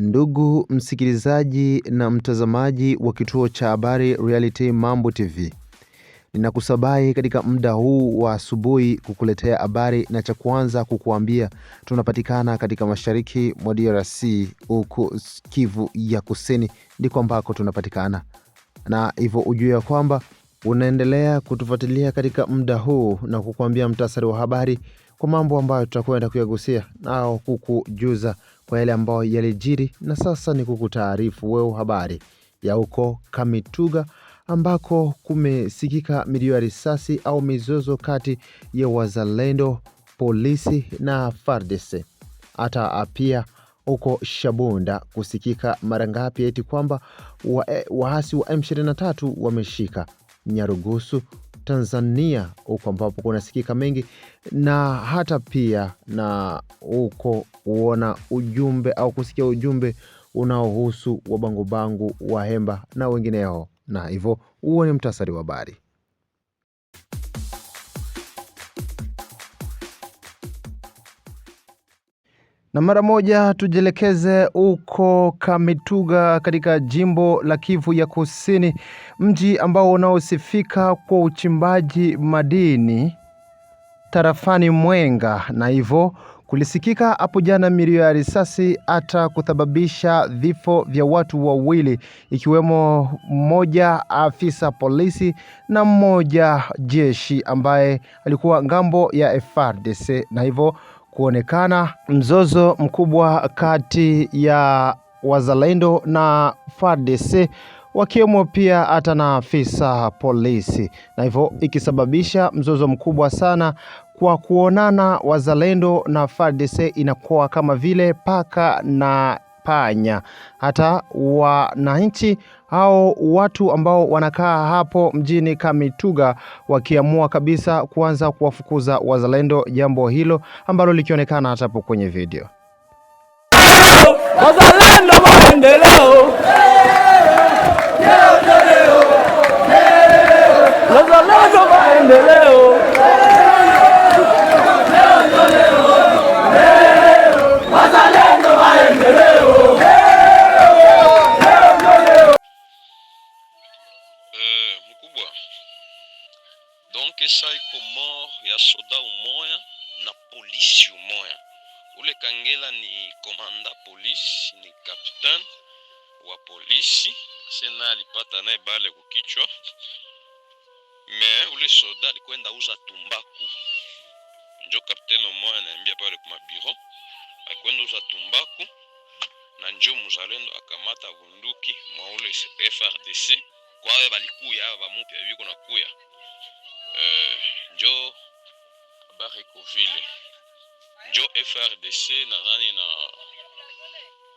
Ndugu msikilizaji na mtazamaji wa kituo cha habari Reality Mambo TV, ninakusabahi katika muda huu wa asubuhi kukuletea habari, na cha kwanza kukuambia tunapatikana katika mashariki mwa DRC huku Kivu ya Kusini, ndiko ambako tunapatikana, na hivyo ujue ya kwamba unaendelea kutufuatilia katika muda huu na kukuambia mtasari wa habari kwa mambo ambayo tutakwenda kuyagusia au kukujuza kwa yale ambayo yalijiri, na sasa ni kukutaarifu wewe habari ya huko Kamituga ambako kumesikika milio ya risasi au mizozo kati ya wazalendo, polisi na FARDC. Hata pia huko Shabunda kusikika mara ngapi eti kwamba eh, waasi wa M23 wameshika Nyarugusu Tanzania huko ambapo kunasikika mengi na hata pia na huko huona ujumbe au kusikia ujumbe unaohusu wabangubangu, wahemba na wengineo, na hivyo huo ni mtasari wa habari. Na mara moja tujielekeze huko Kamituga katika jimbo la Kivu ya Kusini, mji ambao unaosifika kwa uchimbaji madini tarafani Mwenga, na hivyo kulisikika hapo jana milio ya risasi hata kusababisha vifo vya watu wawili, ikiwemo mmoja afisa polisi na mmoja jeshi ambaye alikuwa ngambo ya FARDC na hivyo kuonekana mzozo mkubwa kati ya wazalendo na FARDC wakiwemo pia hata na afisa polisi, na hivyo ikisababisha mzozo mkubwa sana kwa kuonana, wazalendo na FARDC inakuwa kama vile paka na panya. Hata wananchi hao watu ambao wanakaa hapo mjini Kamituga wakiamua kabisa kuanza kuwafukuza wazalendo, jambo hilo ambalo likionekana hata hapo kwenye video wazalendo waendelee mukubwa donk esa iko mort ya soda umoya na polisi umoya uleka ngela ni komanda polisi ni capitaine wa polisi ase naye alipata na ebale kukichwa me ule soda alikwenda uza tumbaku njo kapitene umoya anaambia pale kumabiro alikwenda uza tumbaku na njo muzalendo akamata bunduki mwa ule frdc kwawe balikuya bamupya biko na kuya eh, njo habari kuvile njo FRDC nadhani na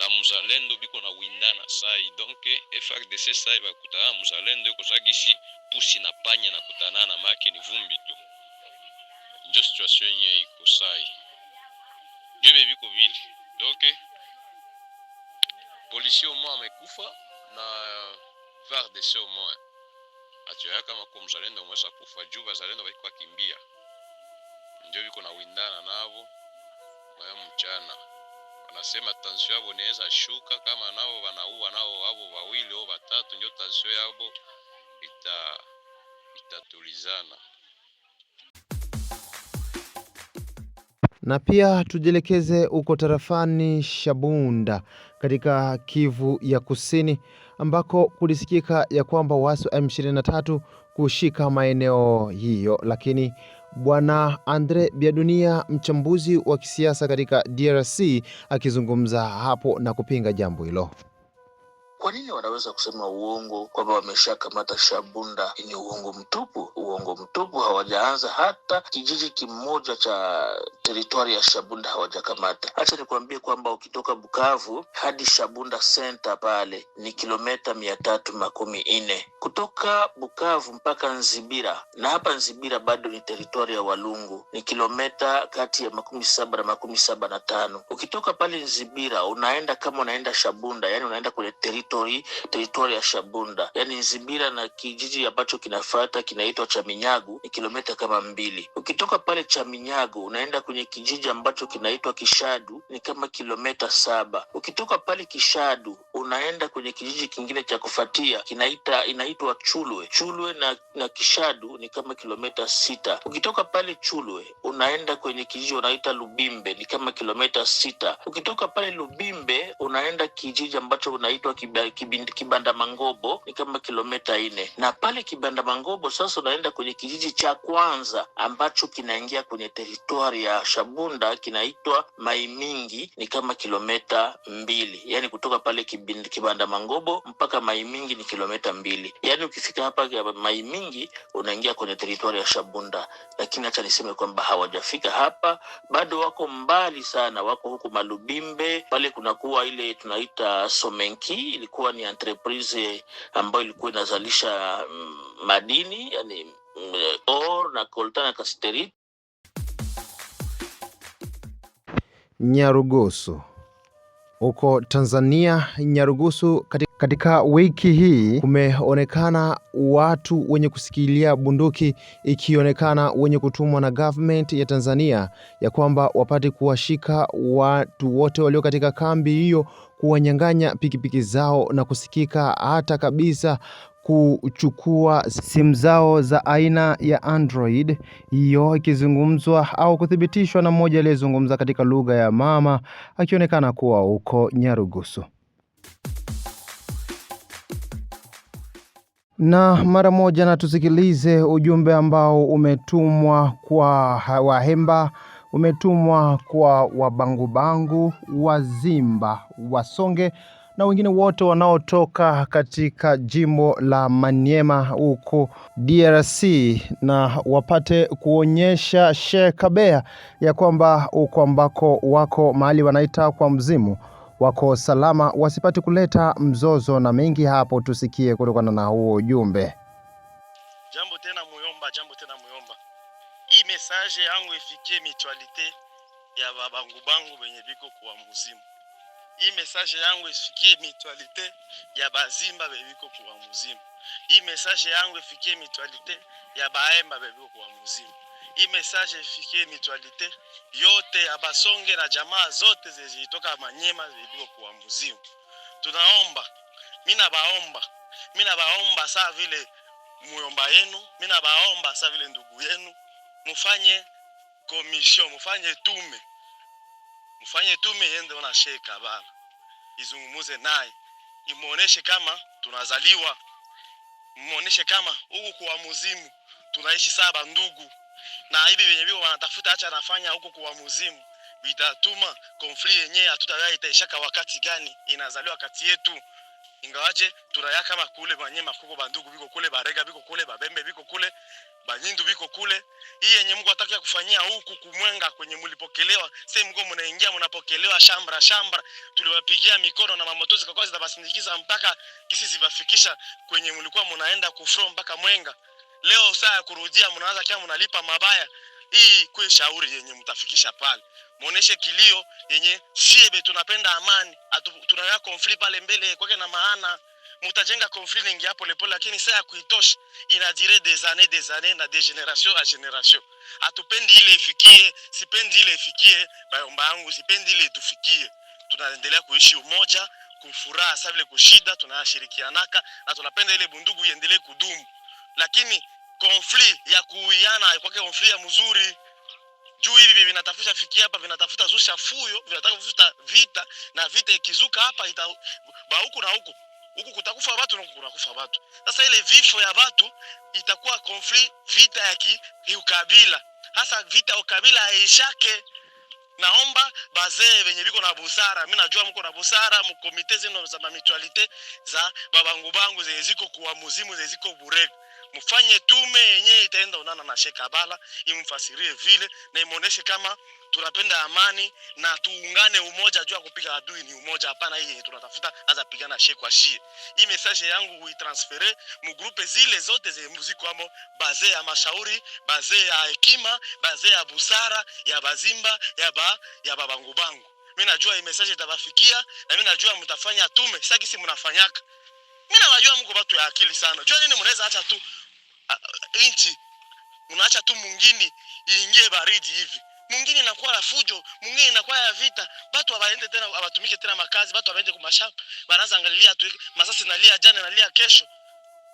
na muzalendo biko na windana sai donc FRDC sai bakutana muzalendo ekozakisi pusi na panya na kutana na make ni vumbi tu njo situation yenye iko sai njo bebiko vile donc polisi omwe amekufa na FARDC umoya achoya kama ku mzalendo umwesa kufa juu bazalendo baiko wakimbia, ndio viko na windana navo maya mchana. Wanasema tansio yabo inaweza shuka kama nao wanaua nao avo wawili au watatu, ndio tansio yabo ita itatulizana. Na pia tujielekeze huko tarafani Shabunda katika Kivu ya Kusini ambako kulisikika ya kwamba waasi wa M23 kushika maeneo hiyo, lakini Bwana Andre Biadunia, mchambuzi wa kisiasa katika DRC, akizungumza hapo na kupinga jambo hilo nini wanaweza kusema uongo kwamba wameshakamata Shabunda? Ni uongo mtupu, uongo mtupu. Hawajaanza hata kijiji kimoja cha teritwari ya Shabunda hawajakamata. Hacha nikuambie kwamba ukitoka Bukavu hadi Shabunda senta pale ni kilometa mia tatu makumi nne kutoka Bukavu mpaka Nzibira, na hapa Nzibira bado ni teritwari ya Walungu, ni kilometa kati ya makumi saba na makumi saba na tano. Ukitoka pale Nzibira unaenda kama unaenda Shabunda, yani unaenda kwenye teritwari hii teritori ya Shabunda, yaani Nzibira na kijiji ambacho kinafata kinaitwa Chaminyagu, ni kilometa kama mbili. Ukitoka pale Chaminyagu unaenda kwenye kijiji ambacho kinaitwa Kishadu, ni kama kilometa saba. Ukitoka pale Kishadu unaenda kwenye kijiji kingine cha kufatia kinaita inaitwa Chulwe. Chulwe na, na Kishadu ni kama kilomita sita. Ukitoka pale Chulwe unaenda kwenye kijiji unaita Lubimbe ni kama kilomita sita. Ukitoka pale Lubimbe unaenda kijiji ambacho unaitwa Kibanda Mangobo ni kama kilomita nne, na pale Kibanda Mangobo sasa unaenda kwenye kijiji cha kwanza ambacho kinaingia kwenye teritwari ya Shabunda kinaitwa Maimingi ni kama kilomita mbili, yani kutoka pale Kibanda Kibanda Mangobo mpaka Mai Mingi ni kilomita mbili. Yaani ukifika hapa Mai Mingi unaingia kwenye teritoria ya Shabunda, lakini hacha niseme kwamba hawajafika hapa bado, wako mbali sana, wako huku Malubimbe pale kunakuwa ile tunaita Somenki, ilikuwa ni entreprise ambayo ilikuwa inazalisha mm, madini yani mm, or na coltan kasterit Nyarugoso huko Tanzania, Nyarugusu, katika wiki hii kumeonekana watu wenye kusikilia bunduki, ikionekana wenye kutumwa na government ya Tanzania ya kwamba wapate kuwashika watu wote walio katika kambi hiyo, kuwanyang'anya pikipiki zao na kusikika hata kabisa kuchukua simu zao za aina ya Android, hiyo ikizungumzwa au kuthibitishwa na mmoja aliyezungumza katika lugha ya mama akionekana kuwa huko Nyarugusu. Na mara moja na tusikilize ujumbe ambao umetumwa kwa Wahemba, umetumwa kwa Wabangubangu, Wazimba, Wasonge na wengine wote wanaotoka katika jimbo la Maniema huko DRC na wapate kuonyesha Sheikh Kabea ya kwamba uko ambako wako mahali wanaita kwa mzimu wako salama, wasipate kuleta mzozo na mengi hapo. Tusikie kutokana na huo ujumbe. Jambo tena muyomba, jambo tena muyomba, hii message yangu ifikie mitualite ya babangu bangu benye biko kwa mzimu hii message yangu ifikie mitwalite ya bazimba bebiko kuwa muzima. Hii message yangu ifikie mitwalite ya baemba bebiko kuwa muzima. Hii message ifikie mitwalite yote ya basonge na jamaa zote zilitoka Manyema bebiko kuwa muzima. Tunaomba, mina baomba, mina baomba saa vile muyomba yenu, mina baomba saa vile ndugu yenu, mufanye komisyon, mufanye tume mfanye tume iende ona sheka bana, izungumuze naye, imuoneshe kama tunazaliwa, muoneshe kama huku kwa muzimu tunaishi saba ndugu, na hivi venye vio wanatafuta acha anafanya huku kwa muzimu vitatuma konfli yenyewe hatutawea itaishaka wakati gani, inazaliwa kati yetu ingawaje tunaya kama kule banye makuko bandugu biko kule barega biko kule babembe biko kule banyindu biko kule, hii yenye Mungu ataka kufanyia huku kumwenga kwenye mulipokelewa, sasa Mungu mnaingia mnapokelewa shambra shambra, tuliwapigia mikono na mamoto zikakuwa zitabasindikiza mpaka kisi zibafikisha kwenye mlikuwa mnaenda kufro mpaka Mwenga. Leo saa ya kurudia mnaanza kama mnalipa mabaya. Hii kwa shauri yenye mtafikisha pale. Muoneshe kilio yenye siebe tunapenda amani, tunaweka konfli pale mbele kwake na maana mutajenga conflit ya pole pole, lakini saa ya kuitosha inadire des années des années na de generation a generation. Atupendi ile ifikie, sipendi ile ifikie, bayomba yangu sipendi ile tufikie. Tunaendelea kuishi umoja kufuraha, sasa vile kushida, tunashirikianaka na tunapenda ile bundugu iendelee kudumu, lakini konfli ya kuiana kwake konfli ya mzuri juu hivi vinatafuta fikia hapa, vinatafuta zusha fuyo, vinataka kufuta vita, na vita ikizuka hapa ita ba huku na huku huku kutakufa watu na kunakufa watu. Sasa ile vifo ya watu itakuwa konfli vita ya kiukabila, hasa vita ya ukabila yaishake. Naomba bazee venye biko na busara, mi najua mko na busara mukomite zino za mamitualite za babangu bangu zenye ziko kuwa muzimu zenye ziko burega mfanye tume yenye itaenda unana na Shekabala imfasirie vile na imoneshe kama tunapenda amani na tuungane umoja. Juu ya kupiga adui ni umoja, hapana hii tunatafuta aza pigana shie kwa shie. Hii message yangu uitransfere mu grupe zile zote ze muziki wamo, baze ya mashauri, baze ya hekima, baze ya busara, ya bazimba, ya ba ya babangu bangu. Mimi najua hii message itabafikia na mimi najua mtafanya tume. Sasa kisi mnafanyaka. Mimi najua mko watu ya akili sana. Jua nini mnaweza acha tu uh, inchi mnaacha tu mwingine iingie baridi hivi mwingine inakuwa ya fujo, mwingine inakuwa ya vita. Batu abaende tena abatumike tena makazi, batu abaende mashamba, banaanza angalia tu masasi nalia jana nalia kesho.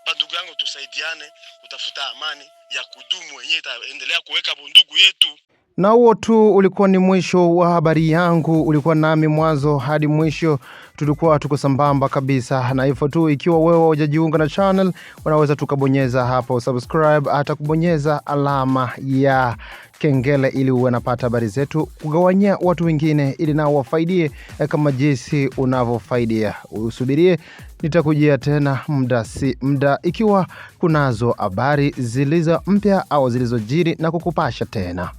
Bandugu yangu, tusaidiane kutafuta amani ya kudumu yenyewe itaendelea kuweka bundugu yetu. Na huo tu ulikuwa ni mwisho wa habari yangu. Ulikuwa nami mwanzo hadi mwisho, tulikuwa tuko sambamba kabisa. Na hivyo tu, ikiwa wewe hujajiunga na channel, unaweza tukabonyeza hapo subscribe, hata kubonyeza alama ya kengele ili uwe napata habari zetu, kugawanyia watu wengine ili nao wafaidie eh, kama jinsi unavyofaidia. Usubirie, nitakujia tena mda si mda ikiwa kunazo habari zilizo mpya au zilizojiri na kukupasha tena.